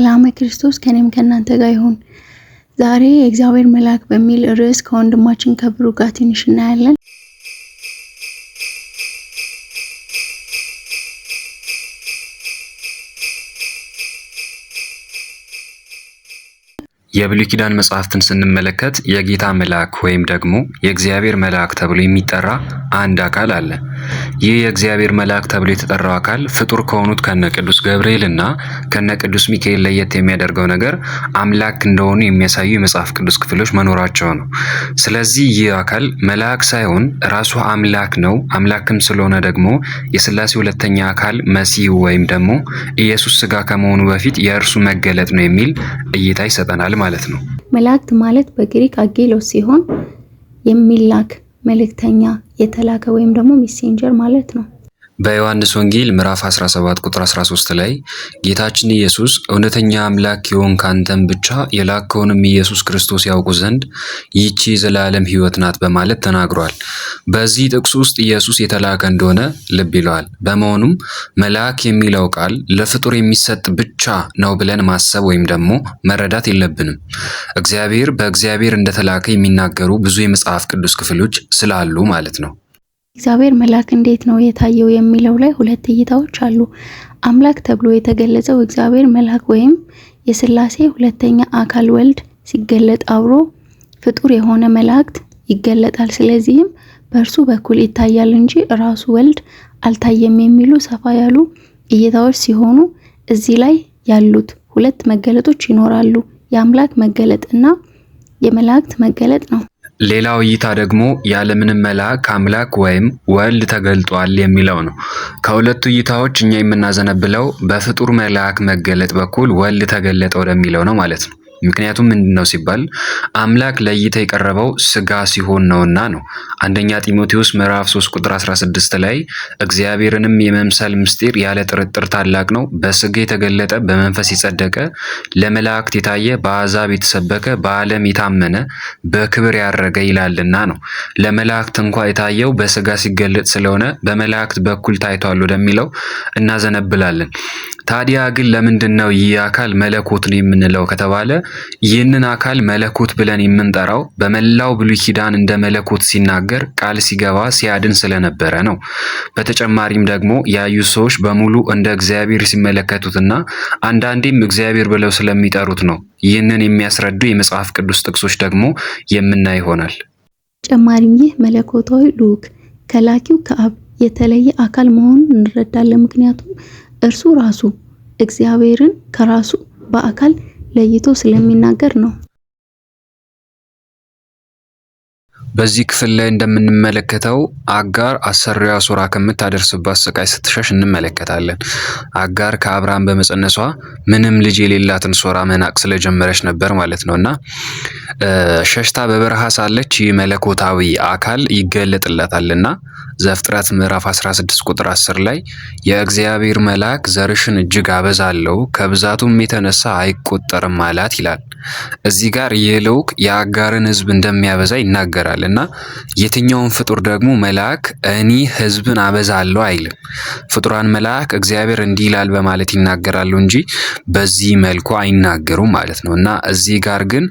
ሰላም ክርስቶስ ከኔም ከእናንተ ጋር ይሁን። ዛሬ የእግዚአብሔር መልአክ በሚል ርዕስ ከወንድማችን ከብሩ ጋር ትንሽ እናያለን። የብሉይ ኪዳን መጽሐፍትን ስንመለከት የጌታ መልአክ ወይም ደግሞ የእግዚአብሔር መልአክ ተብሎ የሚጠራ አንድ አካል አለ። ይህ የእግዚአብሔር መልአክ ተብሎ የተጠራው አካል ፍጡር ከሆኑት ከነ ቅዱስ ገብርኤል እና ከነ ቅዱስ ሚካኤል ለየት የሚያደርገው ነገር አምላክ እንደሆኑ የሚያሳዩ የመጽሐፍ ቅዱስ ክፍሎች መኖራቸው ነው። ስለዚህ ይህ አካል መልአክ ሳይሆን ራሱ አምላክ ነው። አምላክም ስለሆነ ደግሞ የስላሴ ሁለተኛ አካል መሲህ ወይም ደግሞ ኢየሱስ ስጋ ከመሆኑ በፊት የእርሱ መገለጥ ነው የሚል እይታ ይሰጠናል ማለት ነው። መላእክት ማለት በግሪክ አጌሎስ ሲሆን የሚላክ መልእክተኛ የተላከ ወይም ደግሞ ሜሴንጀር ማለት ነው። በዮሐንስ ወንጌል ምዕራፍ 17 ቁጥር 13 ላይ ጌታችን ኢየሱስ እውነተኛ አምላክ የሆን ካንተም ብቻ የላከውንም ኢየሱስ ክርስቶስ ያውቁ ዘንድ ይቺ የዘላለም ሕይወት ናት በማለት ተናግሯል። በዚህ ጥቅስ ውስጥ ኢየሱስ የተላከ እንደሆነ ልብ ይለዋል። በመሆኑም መልአክ የሚለው ቃል ለፍጡር የሚሰጥ ብቻ ነው ብለን ማሰብ ወይም ደግሞ መረዳት የለብንም። እግዚአብሔር በእግዚአብሔር እንደተላከ የሚናገሩ ብዙ የመጽሐፍ ቅዱስ ክፍሎች ስላሉ ማለት ነው። እግዚአብሔር መልአክ እንዴት ነው የታየው የሚለው ላይ ሁለት እይታዎች አሉ። አምላክ ተብሎ የተገለጸው እግዚአብሔር መልአክ ወይም የስላሴ ሁለተኛ አካል ወልድ ሲገለጥ አብሮ ፍጡር የሆነ መላእክት ይገለጣል። ስለዚህም በእርሱ በኩል ይታያል እንጂ ራሱ ወልድ አልታየም የሚሉ ሰፋ ያሉ እይታዎች ሲሆኑ እዚህ ላይ ያሉት ሁለት መገለጦች ይኖራሉ። የአምላክ መገለጥ እና የመላእክት መገለጥ ነው። ሌላው እይታ ደግሞ ያለምንም መልአክ አምላክ ወይም ወልድ ተገልጧል የሚለው ነው። ከሁለቱ እይታዎች እኛ የምናዘነብለው በፍጡር መልአክ መገለጥ በኩል ወልድ ተገለጠ ወደሚለው ነው ማለት ነው። ምክንያቱም ምንድን ነው ሲባል አምላክ ለእይታ የቀረበው ስጋ ሲሆን ነውና ነው። አንደኛ ጢሞቴዎስ ምዕራፍ 3 ቁጥር 16 ላይ እግዚአብሔርንም የመምሰል ምስጢር ያለ ጥርጥር ታላቅ ነው፣ በስጋ የተገለጠ በመንፈስ የጸደቀ ለመላእክት የታየ በአሕዛብ የተሰበከ በዓለም የታመነ በክብር ያረገ ይላልና ነው። ለመላእክት እንኳ የታየው በስጋ ሲገለጥ ስለሆነ በመላእክት በኩል ታይቷል ወደሚለው እናዘነብላለን። ታዲያ ግን ለምንድን ነው ይህ አካል መለኮት ነው የምንለው ከተባለ ይህንን አካል መለኮት ብለን የምንጠራው በመላው ብሉይ ኪዳን እንደ መለኮት ሲናገር፣ ቃል ሲገባ፣ ሲያድን ስለነበረ ነው። በተጨማሪም ደግሞ ያዩ ሰዎች በሙሉ እንደ እግዚአብሔር ሲመለከቱትና አንዳንዴም እግዚአብሔር ብለው ስለሚጠሩት ነው። ይህንን የሚያስረዱ የመጽሐፍ ቅዱስ ጥቅሶች ደግሞ የምናይ ይሆናል። በተጨማሪም ይህ መለኮታዊ ልዑክ ከላኪው ከአብ የተለየ አካል መሆኑን እንረዳለን። ምክንያቱም እርሱ ራሱ እግዚአብሔርን ከራሱ በአካል ለይቶ ስለሚናገር ነው። በዚህ ክፍል ላይ እንደምንመለከተው አጋር አሰሪዋ ሱራ ከምታደርስባት ስቃይ ስትሸሽ እንመለከታለን። አጋር ከአብርሃም በመጸነሷ ምንም ልጅ የሌላትን ሱራ መናቅ ስለጀመረች ነበር ማለት ነው እና ሸሽታ በበረሃ ሳለች የሆነች መለኮታዊ አካል ይገለጥለታልና ዘፍጥረት ምዕራፍ 16 ቁጥር 10 ላይ የእግዚአብሔር መልአክ ዘርሽን እጅግ አበዛለሁ ከብዛቱም የተነሳ አይቆጠርም አላት ይላል። እዚህ ጋር የልዑክ የአጋርን ሕዝብ እንደሚያበዛ ይናገራል እና የትኛውን ፍጡር ደግሞ መልአክ እኔ ሕዝብን አበዛለሁ አይልም። ፍጡራን መልአክ እግዚአብሔር እንዲህ ይላል በማለት ይናገራሉ እንጂ በዚህ መልኩ አይናገሩም ማለት ነው እና እዚህ ጋር ግን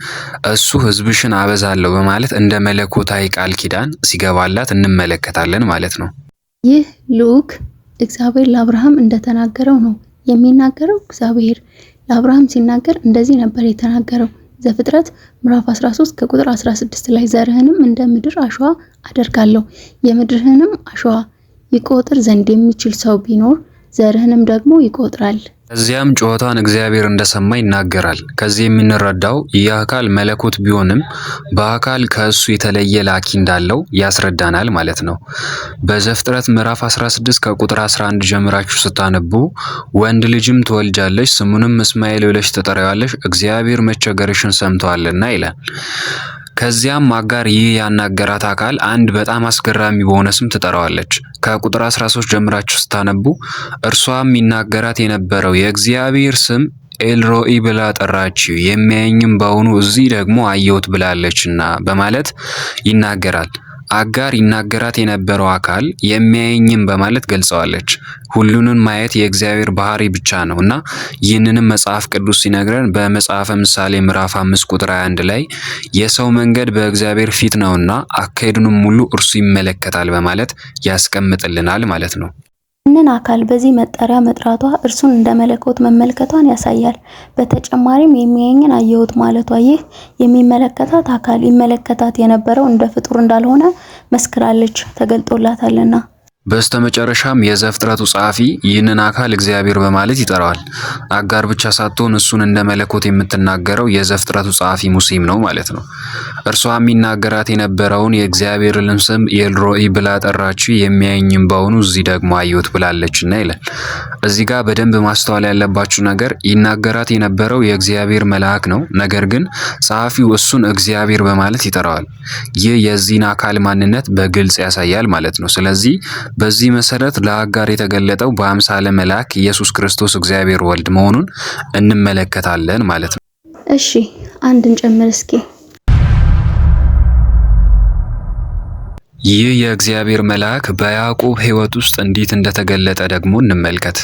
እሱ ሕዝብሽን አበዛለሁ በማለት እንደ መለኮታዊ ቃል ኪዳን ሲገባላት እንመለከታለን ማለት ነው። ይህ ልዑክ እግዚአብሔር ለአብርሃም እንደተናገረው ነው የሚናገረው። እግዚአብሔር ለአብርሃም ሲናገር እንደዚህ ነበር የተናገረው። ዘፍጥረት ምዕራፍ 13 ከቁጥር 16 ላይ ዘርህንም እንደ ምድር አሸዋ አደርጋለሁ፣ የምድርህንም አሸዋ ይቆጥር ዘንድ የሚችል ሰው ቢኖር ዘርህንም ደግሞ ይቆጥራል ከዚያም ጩኸቷን እግዚአብሔር እንደሰማ ይናገራል። ከዚህ የምንረዳው ይህ አካል መለኮት ቢሆንም በአካል ከእሱ የተለየ ላኪ እንዳለው ያስረዳናል ማለት ነው። በዘፍጥረት ምዕራፍ 16 ከቁጥር 11 ጀምራችሁ ስታነቡ ወንድ ልጅም ትወልጃለች፣ ስሙንም እስማኤል ብለሽ ትጠራዋለሽ፣ እግዚአብሔር መቸገርሽን ሰምተዋልና ይላል። ከዚያም አጋር ይህ ያናገራት አካል አንድ በጣም አስገራሚ በሆነ ስም ትጠራዋለች። ከቁጥር 13 ጀምራችሁ ስታነቡ እርሷ የሚናገራት የነበረው የእግዚአብሔር ስም ኤልሮኢ ብላ ጠራችው፣ የሚያየኝም በውኑ እዚህ ደግሞ አየሁት ብላለችና በማለት ይናገራል። አጋር ይናገራት የነበረው አካል የሚያየኝም በማለት ገልጸዋለች። ሁሉንም ማየት የእግዚአብሔር ባህሪ ብቻ ነው እና ይህንንም መጽሐፍ ቅዱስ ሲነግረን በመጽሐፈ ምሳሌ ምዕራፍ አምስት ቁጥር 21 ላይ የሰው መንገድ በእግዚአብሔር ፊት ነውና አካሄዱንም ሙሉ እርሱ ይመለከታል በማለት ያስቀምጥልናል ማለት ነው። ይህንን አካል በዚህ መጠሪያ መጥራቷ እርሱን እንደ መለኮት መመልከቷን ያሳያል። በተጨማሪም የሚያየኝን አየሁት ማለቷ ይህ የሚመለከታት አካል ይመለከታት የነበረው እንደ ፍጡር እንዳልሆነ መስክራለች፣ ተገልጦላታልና። በስተመጨረሻም የዘፍጥረቱ ጸሐፊ ይህንን አካል እግዚአብሔር በማለት ይጠራዋል። አጋር ብቻ ሳትሆን እሱን እንደ መለኮት የምትናገረው የዘፍጥረቱ ጸሐፊ ሙሴም ነው ማለት ነው። እርሷ የሚናገራት የነበረውን የእግዚአብሔርን ስም የልሮኢ ብላ ጠራችው፣ የሚያየኝም በውኑ እዚህ ደግሞ አየሁት ብላለችና ይላል። እዚህ ጋር በደንብ ማስተዋል ያለባችሁ ነገር ይናገራት የነበረው የእግዚአብሔር መልአክ ነው። ነገር ግን ጸሐፊው እሱን እግዚአብሔር በማለት ይጠራዋል። ይህ የዚህን አካል ማንነት በግልጽ ያሳያል ማለት ነው። ስለዚህ በዚህ መሰረት ለአጋር የተገለጠው በአምሳለ መልአክ ኢየሱስ ክርስቶስ እግዚአብሔር ወልድ መሆኑን እንመለከታለን ማለት ነው። እሺ አንድን ጨምር እስኪ። ይህ የእግዚአብሔር መልአክ በያዕቆብ ሕይወት ውስጥ እንዴት እንደተገለጠ ደግሞ እንመልከት።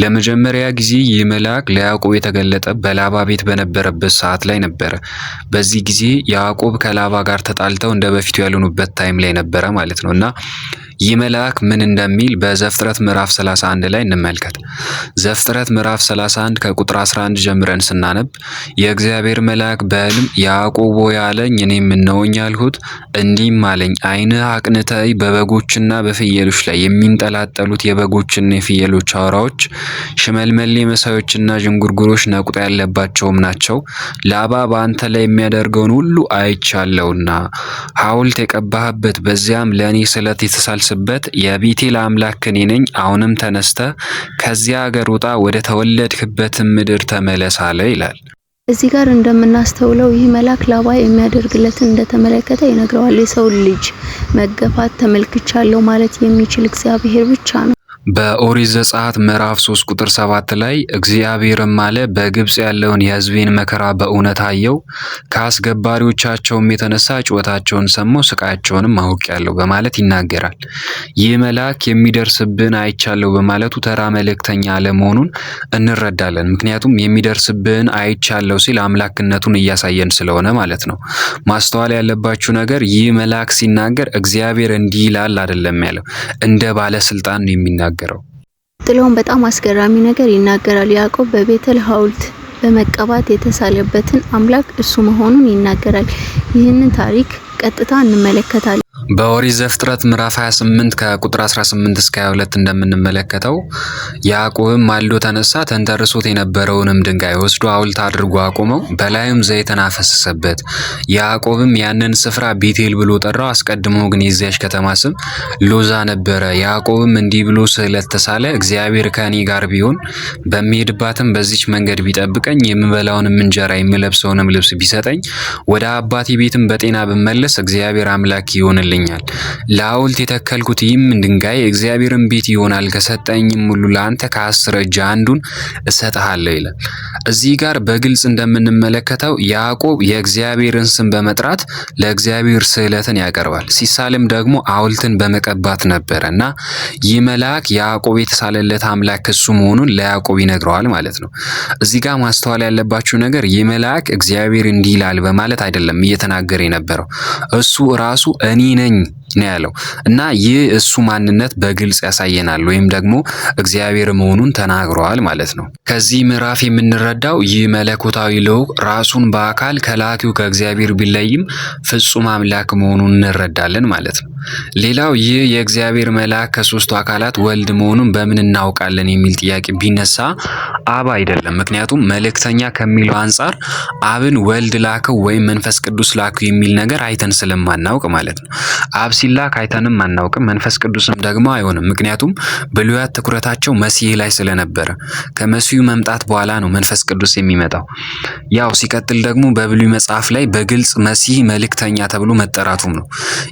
ለመጀመሪያ ጊዜ ይህ መልአክ ለያዕቆብ የተገለጠ በላባ ቤት በነበረበት ሰዓት ላይ ነበረ። በዚህ ጊዜ ያዕቆብ ከላባ ጋር ተጣልተው እንደ በፊቱ ያልሆኑበት ታይም ላይ ነበረ ማለት ነው እና ይህ መልአክ ምን እንደሚል በዘፍጥረት ምዕራፍ 31 ላይ እንመልከት። ዘፍጥረት ምዕራፍ 31 ከቁጥር 11 ጀምረን ስናነብ የእግዚአብሔር መልአክ በሕልም ያዕቆብ ሆይ አለኝ። እኔም እነሆኝ እንዲህም አለኝ ዓይንህ አቅንተይ በበጎችና በፍየሎች ላይ የሚንጠላጠሉት የበጎችና የፍየሎች አውራዎች፣ ሽመልመሌ መሳዮችና ዥንጉርጉሮች ነቁጣ ያለባቸውም ናቸው። ላባ በአንተ ላይ የሚያደርገውን ሁሉ አይቻለውና ሐውልት የቀባህበት በዚያም ለእኔ ስለት የተሳል ሲደርስበት የቤቴል አምላክ እኔ ነኝ፣ አሁንም ተነስተ ከዚያ አገር ውጣ፣ ወደ ተወለድክበትም ምድር ተመለስ አለ ይላል። እዚህ ጋር እንደምናስተውለው ይህ መልአክ ላባ የሚያደርግለትን እንደተመለከተ ይነግረዋል። የሰው ልጅ መገፋት ተመልክቻለሁ ማለት የሚችል እግዚአብሔር ብቻ ነው። በኦሪት ዘጸአት ምዕራፍ 3 ቁጥር 7 ላይ እግዚአብሔርም አለ በግብፅ ያለውን የሕዝቤን መከራ በእውነት አየው፣ ከአስገባሪዎቻቸውም የተነሳ ጩኸታቸውን ሰማሁ፣ ስቃያቸውንም አውቄአለሁ በማለት ይናገራል። ይህ መልአክ የሚደርስብን አይቻለሁ በማለቱ ተራ መልእክተኛ አለመሆኑን እንረዳለን። ምክንያቱም የሚደርስብን አይቻለሁ ሲል አምላክነቱን እያሳየን ስለሆነ ማለት ነው። ማስተዋል ያለባችሁ ነገር ይህ መልአክ ሲናገር እግዚአብሔር እንዲህ ይላል አይደለም ያለው፣ እንደ ባለስልጣን ነው የሚናገር የተናገረው። ጥለውን በጣም አስገራሚ ነገር ይናገራል። ያዕቆብ በቤተል ሐውልት በመቀባት የተሳለበትን አምላክ እሱ መሆኑን ይናገራል። ይህንን ታሪክ ቀጥታ እንመለከታለን። በኦሪት ዘፍጥረት ምዕራፍ 28 ከቁጥር 18 እስከ 22 እንደምንመለከተው ያዕቆብም ማልዶ ተነሳ፣ ተንተርሶት የነበረውንም ድንጋይ ወስዶ ሐውልት አድርጎ አቆመው፣ በላዩም ዘይትን አፈሰሰበት። ያዕቆብም ያንን ስፍራ ቤቴል ብሎ ጠራው። አስቀድሞ ግን የዚያች ከተማ ስም ሎዛ ነበረ። ያዕቆብም እንዲህ ብሎ ስዕለት ተሳለ፣ እግዚአብሔር ከእኔ ጋር ቢሆን በሚሄድባትም በዚች መንገድ ቢጠብቀኝ፣ የምበላውንም እንጀራ የምለብሰውንም ልብስ ቢሰጠኝ፣ ወደ አባቴ ቤትም በጤና ብመለስ መመላለስ እግዚአብሔር አምላክ ይሆንልኛል። ለሐውልት የተከልኩት ይህም ድንጋይ እግዚአብሔርን ቤት ይሆናል። ከሰጠኝም ሁሉ ለአንተ ከአስር እጅ አንዱን እሰጥሃለሁ ይላል። እዚህ ጋር በግልጽ እንደምንመለከተው ያዕቆብ የእግዚአብሔርን ስም በመጥራት ለእግዚአብሔር ስዕለትን ያቀርባል። ሲሳልም ደግሞ ሐውልትን በመቀባት ነበረ እና ይህ መልአክ ያዕቆብ የተሳለለት አምላክ እሱ መሆኑን ለያዕቆብ ይነግረዋል ማለት ነው። እዚህ ጋር ማስተዋል ያለባችሁ ነገር ይህ መልአክ እግዚአብሔር እንዲህ ይላል በማለት አይደለም እየተናገረ የነበረው እሱ ራሱ እኔ ነኝ ነው ያለው እና ይህ እሱ ማንነት በግልጽ ያሳየናል ወይም ደግሞ እግዚአብሔር መሆኑን ተናግረዋል ማለት ነው። ከዚህ ምዕራፍ የምንረዳው ይህ መለኮታዊ ልዑክ ራሱን በአካል ከላኪው ከእግዚአብሔር ቢለይም ፍጹም አምላክ መሆኑን እንረዳለን ማለት ነው። ሌላው ይህ የእግዚአብሔር መልአክ ከሶስቱ አካላት ወልድ መሆኑን በምን እናውቃለን የሚል ጥያቄ ቢነሳ አብ አይደለም። ምክንያቱም መልእክተኛ ከሚለው አንጻር አብን ወልድ ላከው ወይም መንፈስ ቅዱስ ላከው የሚል ነገር አይተን ስለማናውቅ ማለት ነው። አብ ሲላክ አይተንም አናውቅም፣ መንፈስ ቅዱስም ደግሞ አይሆንም። ምክንያቱም ብሉያት ትኩረታቸው መሲህ ላይ ስለነበረ ከመሲሁ መምጣት በኋላ ነው መንፈስ ቅዱስ የሚመጣው። ያው ሲቀጥል ደግሞ በብሉይ መጽሐፍ ላይ በግልጽ መሲህ መልእክተኛ ተብሎ መጠራቱም ነው።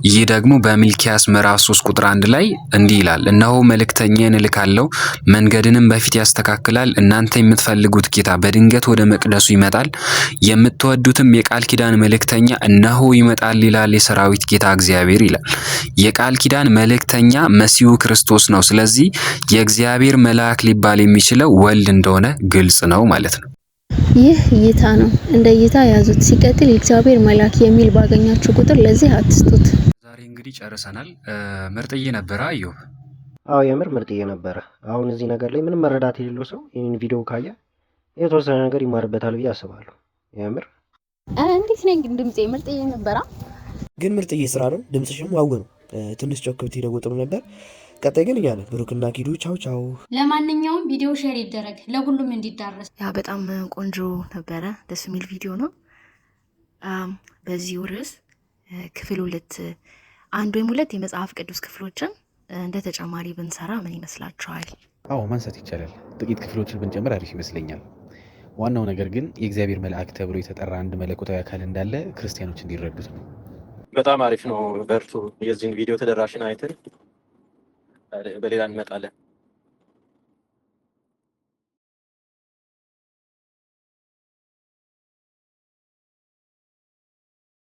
ይህ ደግሞ በ በሚልኪያስ ምዕራፍ 3 ቁጥር 1 ላይ እንዲህ ይላል፣ እነሆ መልእክተኛዬን እልካለሁ፣ መንገድንም በፊት ያስተካክላል። እናንተ የምትፈልጉት ጌታ በድንገት ወደ መቅደሱ ይመጣል፣ የምትወዱትም የቃል ኪዳን መልእክተኛ እነሆ ይመጣል ይላል የሰራዊት ጌታ እግዚአብሔር ይላል። የቃል ኪዳን መልእክተኛ መሲሁ ክርስቶስ ነው። ስለዚህ የእግዚአብሔር መልአክ ሊባል የሚችለው ወልድ እንደሆነ ግልጽ ነው ማለት ነው። ይህ እይታ ነው። እንደ እይታ ያዙት። ሲቀጥል እግዚአብሔር መልአክ የሚል ባገኛችሁ ቁጥር ለዚህ አትስጡት። እንግዲህ ጨርሰናል። ምርጥዬ ነበረ አዩብ። አዎ የምር ምርጥዬ ነበረ። አሁን እዚህ ነገር ላይ ምንም መረዳት የሌለው ሰው ይህን ቪዲዮ ካየ የተወሰነ ነገር ይማርበታል ብዬ አስባለሁ። የምር እንዴት ነኝ ግን ድምፄ ምርጥዬ ነበረ። ግን ምርጥዬ ስራ ነው። ድምፅሽም ዋው ነው። ትንሽ ጮክ ብትይ ጥሩ ነበር። ቀጣይ ግን እያለ ብሩክና ኪዱ ቻው ቻው። ለማንኛውም ቪዲዮ ሼር ይደረግ ለሁሉም እንዲዳረስ። ያ በጣም ቆንጆ ነበረ፣ ደስ የሚል ቪዲዮ ነው። በዚሁ ርዕስ ክፍል ሁለት አንድ ወይም ሁለት የመጽሐፍ ቅዱስ ክፍሎችን እንደ ተጨማሪ ብንሰራ ምን ይመስላችኋል? አዎ ማንሳት ይቻላል። ጥቂት ክፍሎችን ብንጨምር አሪፍ ይመስለኛል። ዋናው ነገር ግን የእግዚአብሔር መልአክ ተብሎ የተጠራ አንድ መለኮታዊ አካል እንዳለ ክርስቲያኖች እንዲረዱት ነው። በጣም አሪፍ ነው። በርቱ። የዚህን ቪዲዮ ተደራሽን አይተን በሌላ እንመጣለን።